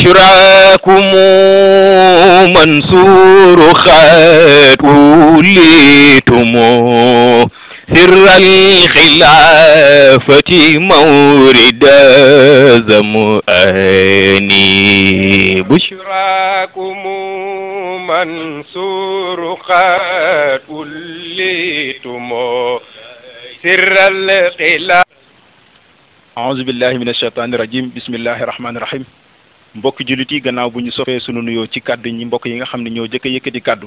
شراكم منصور خاد وليتم سر الخلافة مورد زماني بشراكم منصور خاد وليتم سر الخلافة أعوذ بالله من الشيطان الرجيم بسم الله الرحمن الرحيم mbokk jullit yi gannaaw bu ñu soppee sunu nuyoo ci kàddu ñi mbokk yi nga xam ne ñoo jëkk a yëkkati kaddu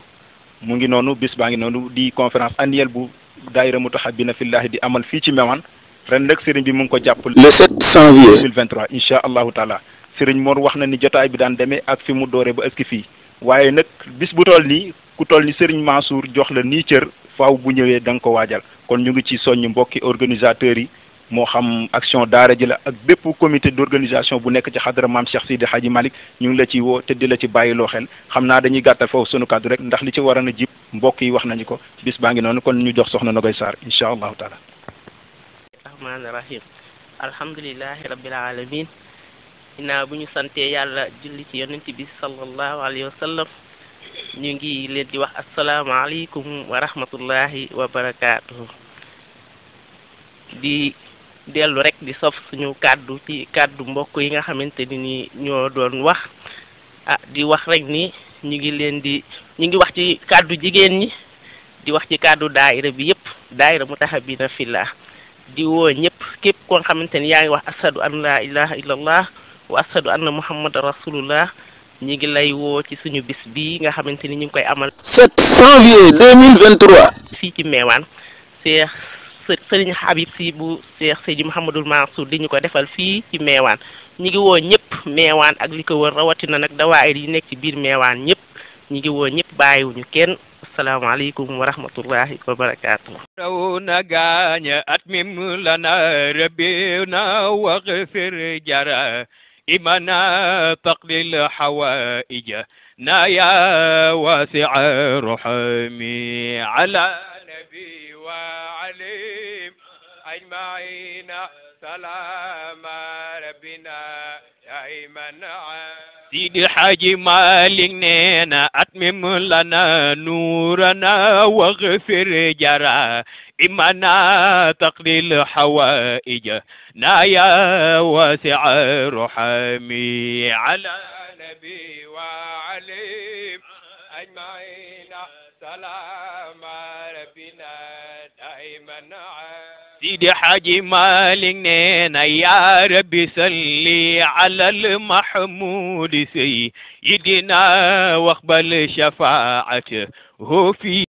mu ngi noonu bis baa ngi noonu di conférence annuelle bu daayira na Fillahi di amal fii ci Mewane ren nag sëriñ bi mu ngi ko jàpp le 7 janvier 2023 incha allahu taala sëriñ Mor wax na ni jotaay bi daan demee ak fi mu dooree ba ëski fii waaye nag bis bu toll nii ku toll ni sëriñ Mansour jox la nii cër faaw bu ñëwee da ko waajal kon ñu ngi ci soññ mbokki organisateurs yi moo xam action daara ji la ak bépp comité d'organisation bu nekk ci xadara maam Cheikh Sidi Hadji Malick ñu ngi la ci woo te di la ci bàyyi loo xel xam naa dañuy gàttal foofu sunu kàddu rek ndax li ci waroon a jib mbokk yi wax nañu ko bis baa ngi noonu kon ñu jox soxna Nogoy Sarr incha allahu taala rahmaani rahim alhamdulilahi rabbil alamin ginnaaw bu ñu santee yàlla julli ci yonent bi sallallahu alayhi wa sallam ñu ngi leen di wax asalaamaaleykum wa rahmatullahi wa barakaatuhu di dellu rek di sof suñu kàddu ci kàddu mbokk yi nga xamante ni ni ñoo doon wax ah di wax rek ni ñu ngi leen di ñu ngi wax ci kàddu jigéen ñi di wax ci kàddu daayira bi yëpp daayira Mutahabina Fillah di woo ñëpp képp koo xamante ni yaa ngi wax ashadu an laa ilaha illallah wa ashadu anna muhammadan rasulullah ñu ngi lay woo ci suñu bis bii nga xamante ni ñu ngi koy amal 7 janvier 2023 fii ci Meewaan sëriñ Habib si bu Cheikh Seydi Mouhamadul Mansour di ñu ko defal fii ci meewaan ñu ngi woo ñëpp meewaan ak li ko wër rawatina nag dawaayir yi nekk ci biir meewaan ñëpp ñu ngi woo ñëpp bàyyiwuñu kenn asalaamaaleykum wa rahmatullahi wa barakaatu raw na gaaña at mim lana rabbi na waxfir jara imana taqlil hawaija na ya wasi'a ruhami ala سلام ربنا دائما سيدي حاجي مالك نينا أتمم لنا نورنا واغفر جرى إمنا تقضي الحوائج نايا واسع رحمي على نبي وعليم أجمعين سلام ربنا دائما عام سيدي حاجي مالك نينا يا ربي صلي على المحمود سيدنا واقبل شفاعته هو في